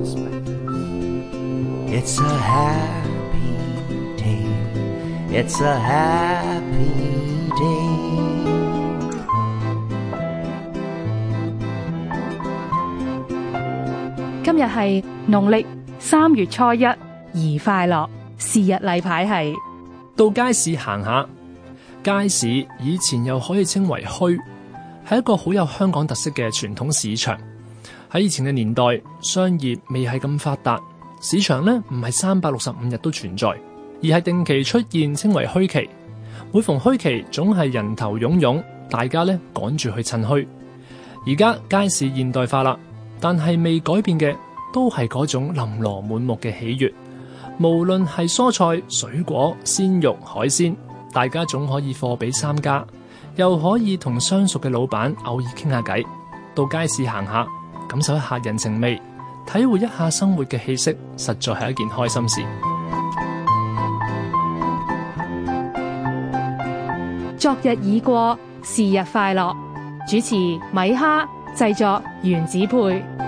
It's a happy day. It's a happy day. 今日係農曆三月初一，宜快樂。是日例牌係到街市行下。街市以前又可以稱為墟，係一個好有香港特色嘅傳統市場。喺以前嘅年代，商業未係咁發達，市場呢唔係三百六十五日都存在，而係定期出現，稱為墟期。每逢墟期，總係人頭湧湧，大家呢趕住去趁墟。而家街市現代化啦，但係未改變嘅都係嗰種琳瑯滿目嘅喜悅。無論係蔬菜、水果、鮮肉、海鮮，大家總可以貨比三家，又可以同相熟嘅老闆偶爾傾下偈，到街市行下。感受一下人情味，體會一下生活嘅氣息，實在係一件開心事。昨日已過，是日快樂。主持米哈，製作原子配。